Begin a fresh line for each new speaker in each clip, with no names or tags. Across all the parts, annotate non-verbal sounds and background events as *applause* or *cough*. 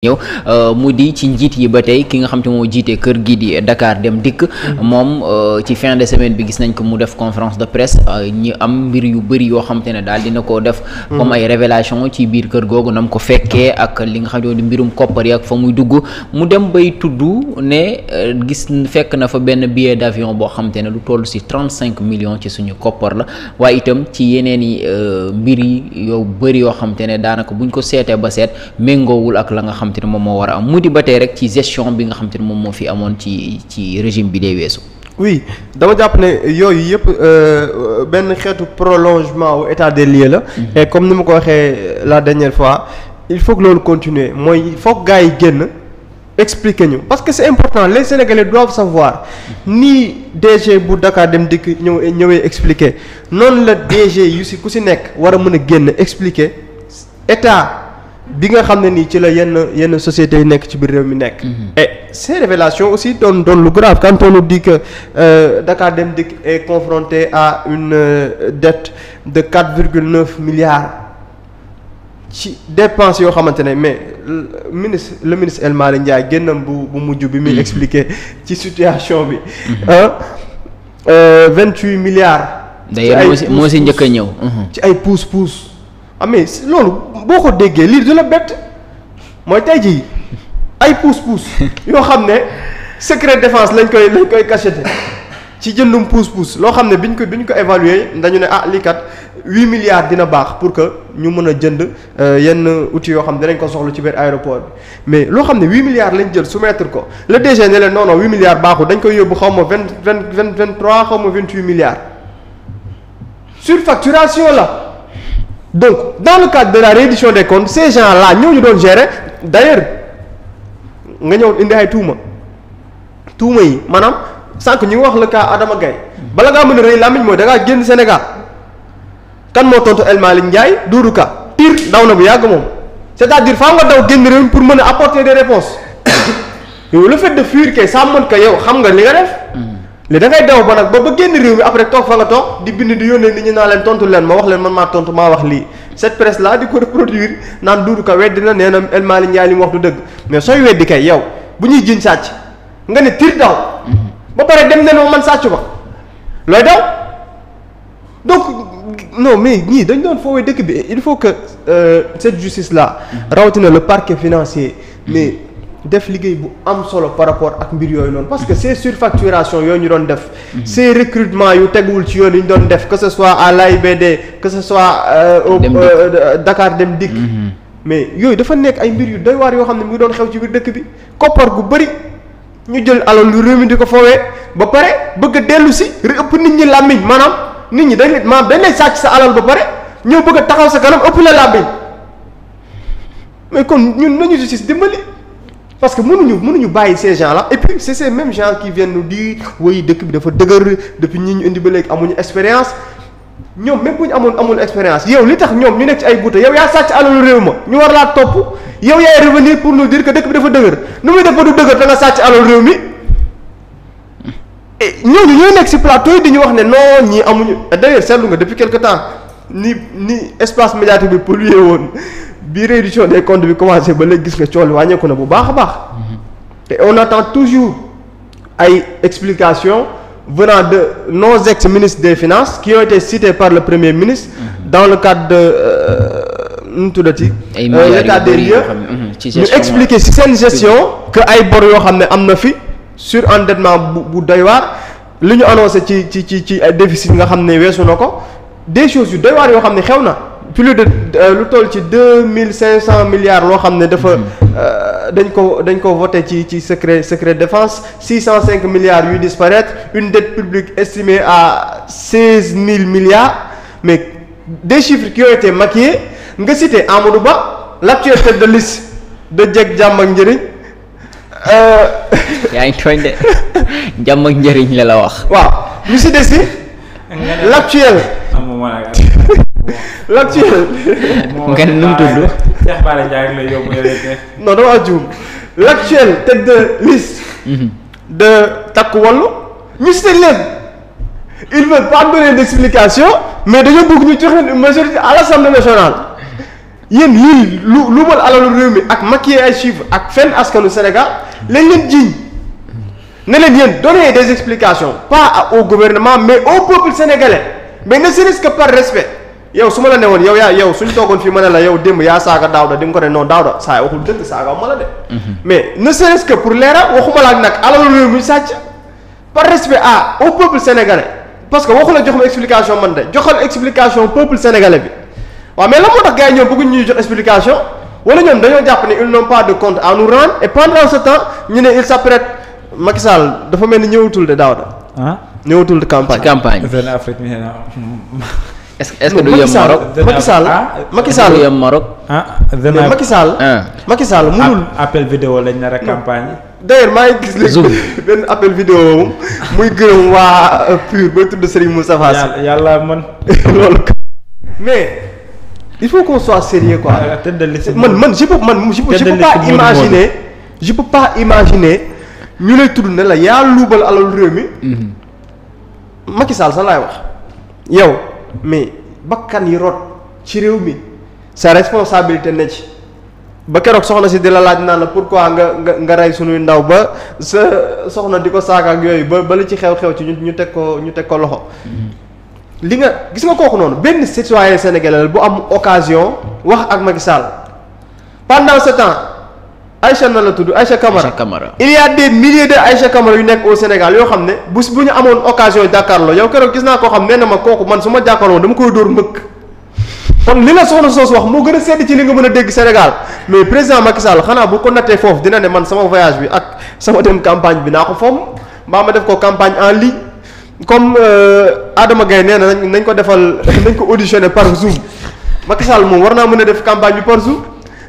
ñëw euh, mu di ci njiit yi ba tey ki nga xam te moo jiite kër gi di Dakar dem dikk mm-hmm. moom euh, ci fin de semaine bi gis nañ ko mu def conférence de presse euh, ñi am mbir yu bëri yoo xam te ne daal dina ko def mm-hmm. comme ay révélation ci biir kër googu nam ko fekkee ak li nga xam di mbirum koppar yi fa muy dugg mu dem bay tudd ne gis fekk na fa benn billet d'avion boo xam ne lu toll si trente cinq millions ci suñu koppar la waaye itam ci yeneen i mbir yi yow bëri yoo xam ne daanaka buñ ko seetee ba seet méngoowul ak la nga xam xam moom moo war a am mu di rek ci gestion bi nga xam te ne moom moo fi amoon ci ci régime bi dee weesu. oui dama jàpp ne yooyu yëpp euh, benn xeetu prolongement wu état des lieux la. Mhm. et comme ni ma ko waxee euh, la dernière fois il faut loolu continuer mooy foog gars yi génn. expliquer ñu parce que c'est important les Sénégalais doivent savoir mhm. ni DG bu Dakar dem dikk ñëw ñëwee expliquer noonu la DG yu si ku si nekk war a mën a génn expliquer état bi nga xam ne nii ci la yenn yenn sociétés yu nekk ci biir réew mi nekk. Mhm. et ces révélations aussi doon doon lu grave quand on nous dit que euh, Dakar Dem Dikk est confronté à une euh, dette de quatre virgule neuf milliards ci dépense yoo xamante ne mais ministre le ministre El Malick Ndiaye génnam bu bu mujj bi muy mhm. expliquer *laughs* ci situation bi. Mhm. Euh, vingt huit milliards. ci ay moo si njëkk a ñëw. ci ay pousse pousse. amee ah, si loolu boo ko déggee lii du la bett mooy tey jii ay pousse-pousse yoo xam ne secret defence lañ koy lañ koy cacheté ci jëndum pousse-pousse loo xam ne biñ ko biñ ko évaluer dañu ne ah lii kat huit milliards dina baax pour que ñu mën a jënd euh, yenn outils yoo xam ne dañ ko soxla ci biir aéroport bi mais loo xam ne huit milliards lañ jël soumettre ko le DG ne leen non non huit milliards baaxul dañ koy yóbbu xaw ma vingt vingt vingt vingt trois xaw ma vingt huit milliards la. donc dans le cadre de la reddition des comptes ces gens-là ñoo ñu doon gérer d'ailleurs nga ñëw indi ay tuuma tuuma yi maanaam sànq ñu wax le cas Adama Gaye bala ngaa mën a rëy làmmiñ mooy da génn Sénégal kan moo tontu El Malick Ndiaye Doudou Ka tiir daw na bu yàgg moom c'est-à-dire faa nga daw génn réew pour mën a apporter des réponses *coughs* yow le fait de fuir kay ça montre que yow xam nga li nga def. Mm. léegi da ngay daw ba nag ba ba génn réew mi après toog fa nga toog di bind di yónnee nit ñi naa leen tontu leen ma wax leen man maa tontu maa wax lii cette presse là di ko reproduire naan Doudou Ka weddi na neena na El Malick Ndiaye li mu wax du dëgg mais sooy weddi kay yow bu ñuy jiñ sàcc nga ne tir daw ba pare dem ne man sàcc ba looy daw donc non mais ñii dañu doon foowee dëkk bi il faut que euh, cette justice là rawatina le parquet financier mais. def liggéey bu am solo par rapport ak mbir yooyu noonu parce que ces surfacturations yooyu ñu doon def ces recrutements yu teguwul ci yoon yi ñu doon def que ce soit à l'AIBD que ce soit euh, Dem Dikk euh, mm-hmm. mais yooyu dafa nekk ay mbir yu doy waar yoo xam ne mu ngi doon xew ci biir dëkk bi koppar gu bëri ñu jël alal lu réew mi di ko foowee ba pare bëgg a dellu si ëpp nit ñi làmmiñ maanaam nit ñi dañ maanaam dañ lay sàcc sa alal ba pare ñëw bëgg taxaw sa kanam ëpp la làmmiñ mais kon ñun nañu justice dimbali parce que mënuñu mënuñu bàyyi ces la là et puis c'est ces mêmes gens qui viennent nous dire woy dëkk bi dafa dëgër depuis ñi ñu indi ba léegi amuñu expérience ñoom même bu ñu amoon amul expérience yow li tax ñoom ñu nekk ci ay guute yow yaa sàcc alalu réew ma ñu war laa topp yow yaay revenir pour nous dire que dëkk bi dafa dëgër nu muy def ba du dëgër da nga sàcc alalu réew mi ñooñu ñooy nekk ci plateau di ñu wax ne non ñii amuñu d'ailleurs seetlu nga depuis quelque temps ni ni espace médiatique bi pollué woon bi réduction des comptes bi commencé ba léegi gis nga coono wàññeeku na bu baax a baax. te on attend toujours ay explications venant de nos ex ministre des finances qui ont été cités par le premier ministre. Mhm. dans le cadre de euh, nu mu tuddati. ay euh, état des lieux si mhm, seen gestion. que ay bor yoo xam ne am na fi sur endettement bu bu doy li ñu annoncé ci ci ci ci ay déficit nga xam ne weesu na ko des choses yu doy yoo xam ne xew na. plus de euh, lu toll ci deux mille cinq cent milliards loo xam ne dafa mhm. euh, dañ ko dañ ko voté ci ci secret secret défense six cent cinq milliards yu disparaître une dette publique estimée à seize mille milliards mais des chiffres qui ont été maquillés nga cité Amadou Ba l'actuel tête de liste de jàmm ak njëriñ. Euh, *laughs* yaa ngi tooñ de jàmm njëriñ la wax. waaw lu si des si. l'actuel l'actu nga nu mu tudd. Cheikh Bara Ndiaye ak la yóbbu non damaa juum l'actuel tête de liste. Mhm. de Takku Wallu mystère leen. ils veulent pas donner d'explication mais dañoo bëgg ñu jox majorité à l'Assemblée nationale yéen lii lu lu mal alalu réew ak maquiller ay chiffres ak fenn askanu Sénégal lañ leen jiiñ ne leen yéen donner des explications pas au gouvernement mais au peuple sénégalais mais ne serait que par respect yow su ma la ne woon yow yaa yow suñ toogoon fii ma ne la yow démb yaa saaga Daouda di nga ko ne non Daouda saa yi waxul dëgg saaga ma la de. Mhm. mais ne serait-ce pour leeral waxuma la ak nag alal réew mi sàcc par respect à au peuple sénégalais parce que waxu la jox explication man de joxal explication peuple sénégalais bi waaw mais la moo tax gars yi ñoom bëgguñ ñuy jox explication wala ñoom dañoo jàpp ne ils n'ont pas de compte en nous rendre et pendant ce temps ñu dafa mel ni ñëwatul de Daouda. ah ñëwatul de campagne. campagne Afrique est-ce est-ce que du yem Maroc ah, Macky Sall ah. Macky Sall Sall a maa ngi gis léegi *laughs* benn appel vidéo moom muy gërëm waa euh, PUR ba tudd Serigne Moustapha Sy yàlla man *laughs* loolu mais il faut qu'on soit sérieux quoi ah, man man je man je pas imaginer je pas imaginer ñu lay tudd ne yaa luubal alalu réew mi mhm. sax laay wax yow mais bakkan yi rot ci réew mi sa responsabilité na ci ba keroog soxna si di la laaj naan la pourquoi nga nga nga rey suñuy ndaw ba sa soxna di ko saaka ak yooyu ba ba ci xew-xew ci ñu teg ko ñu teg ko loxo. Mm-hmm. li nga gis nga kooku noonu benn citoyen sénégalais bu am occasion wax ak Macky Sall pendant ce Aïcha na la tudd Aïcha Camara Camara il y a de Aïcha Camara yu nekk au Sénégal yoo xam ne bu bu ñu amoon occasion jàkkaarloo yow keroog gis naa ko xam ne na ma kooku man su ma jàkkaarloo dama koy dóor mbëkk kon li la soxna soos wax moo gën a sedd ci li nga mën a dégg Sénégal mais président Macky Sall xanaa bu ko nattee foofu dina ne man sama voyage bi ak sama dem campagne bi naa ko fomm mbaa ma def ko campagne en ligne comme euh, Adama ga nee na nañ ko defal *laughs* nañ ko auditionné par Zoom Macky Sall moom war naa mën a def campagne bi par Zoom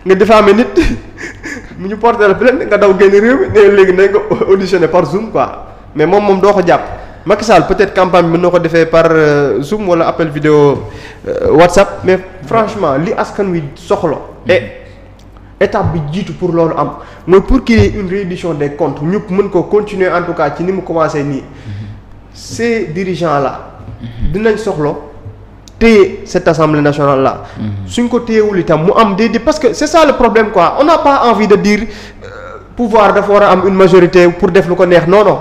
nga defaame nit *laughs* mu ñu porté la plainte nga daw génn réew mi ne léegi ne ko auditionné par Zoom quoi mais moom moom doo ko jàpp. Macky Sall peut-être campagne bi mën na ko defee par euh, Zoom wala appel vidéo euh, WhatsApp mais franchement li askan wi soxla. et étape bi jiitu pour loolu am mooy pour qu'il une reddition des comptes ñëpp mën ko continuer en tout cas ci ni mu commencé nii ces dirigeants la dinañ soxla. téye cette assemblée nationale là. Mhm. suñ ko téyewul itam mu am déedéet parce que c'est ça le problème quoi on n'a pas envie de dire euh, pouvoir dafa war am une majorité pour def lu ko neex non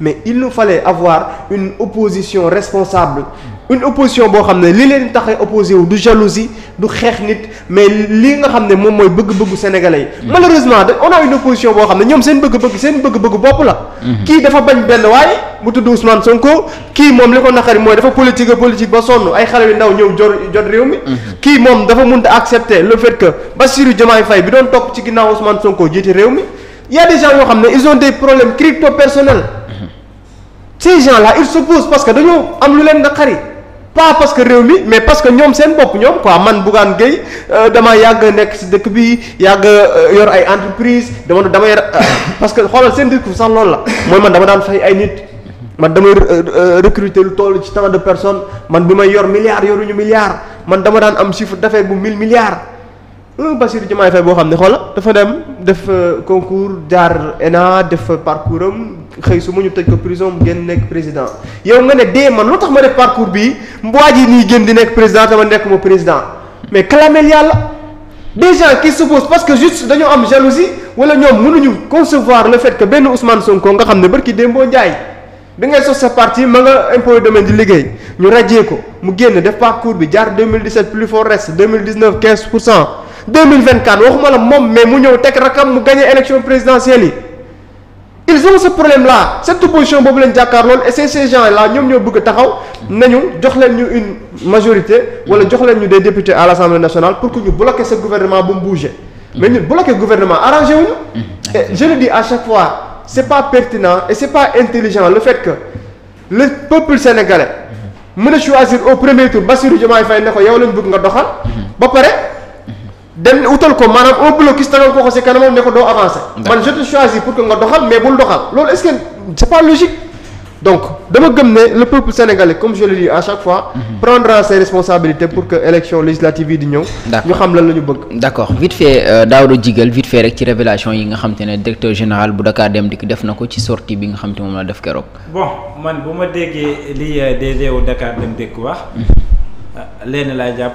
mais il nous fallait avoir une opposition responsable. une opposition boo xam ne li leen tax a opposé wu du jalousie du xeex nit mais li nga xam ne moom mooy bëgg-bëggu sénégalais yi. Mm. malheureusement on a une opposition boo xam ne ñoom seen bëgg-bëgg seen bëgg-bëggu bopp la. Mm-hmm. kii dafa bañ benn waaye bu tudd Ousmane Sonko kii moom li ko naqari mooy dafa politique a politique ba sonn ay xale yu ndaw ñëw jor jot réew mi. Mm-hmm. kii moom dafa mun a accepter le fait que Bassirou Diomaye fay bi doon topp ci ginnaaw Ousmane Sonko jiite réew mi y xam ne ils des problèmes crypto personnels. Mm-hmm. ces gens là parce que dañoo am lu leen naqari pas parce que réew mi mais parce que ñoom seen bopp ñoom quoi man Bougane Gueye euh, damaa yàgg nekk si dëkk bi yàgg euh, yor ay entreprise dama dama yor euh, parce que xoolal seen discours sax loolu la mooy man dama daan fay ay nit man damay recruter lu toll ci tant de personnes man bi may yor milliards yoruñu milliards man dama daan am chiffre d'affaires bu 1000 milliards Bassirou Diomaye Faye boo xam ne xoola dafa dem def euh, concours jaar ENA def parcours am xëy su ma ñu tëj ko prison mu génn nekk président yow nga ne dee man loo tax ma def parcours bi waa ji nii génn di nekk président te ma nekk ma président mais clamel yàlla des gens qui parce que juste dañoo am jalousie wala ñoom mënuñu concevoir le fait que benn Ousmane Sonko nga xam ne barki Dembo Ndiaye bi ngay sos sa parti ma nga impôt domaine di liggéey ñu rajee ko mu génn def parcours bi jaar 2017 plus fort reste cent. 2024 waxuma la moom mais mu ñëw teg rakam mu gagné élection présidentielle yi ils ont ce problème là cette opposition boobu leen jàkkaar loolu et c'est ces gens là ñoom ñoo bëgg taxaw nañu jox leen ñu une majorité wala jox leen ñu des député à l'Assemblée nationale pour que ñu bloquer ce gouvernement bu mu bouger mais ñu bloquer gouvernement arrangé wuñu et à chaque fois c'est pas pertinent et c'est pas intelligent le fait que le peuple sénégalais mën a choisir au premier tour Bassirou Diomaye ne ko yow lañ bëgg nga doxal ba pare dem wutal ko maanaam un blocus tegal ko ko si kanamam ne ko doo avancé. man je te pour que nga doxal mais bul doxal loolu est-ce pas logique. donc dama gëm ne le peuple sénégalais comme je le dis à chaque fois. Mhm. prendra ses responsabilités pour que élection législative yi di ñëw. ñu xam lan la ñu bëgg. d'accord vite fait euh, Daouda Djigal vite fait rek ci révélation yi nga xam te ne directeur général bu Dakar Dem Dikk def na ko ci sortie bi nga xam te moom la def keroog. ma déggee li euh, DG wu Dakar Dem Dikk wax mhm. euh,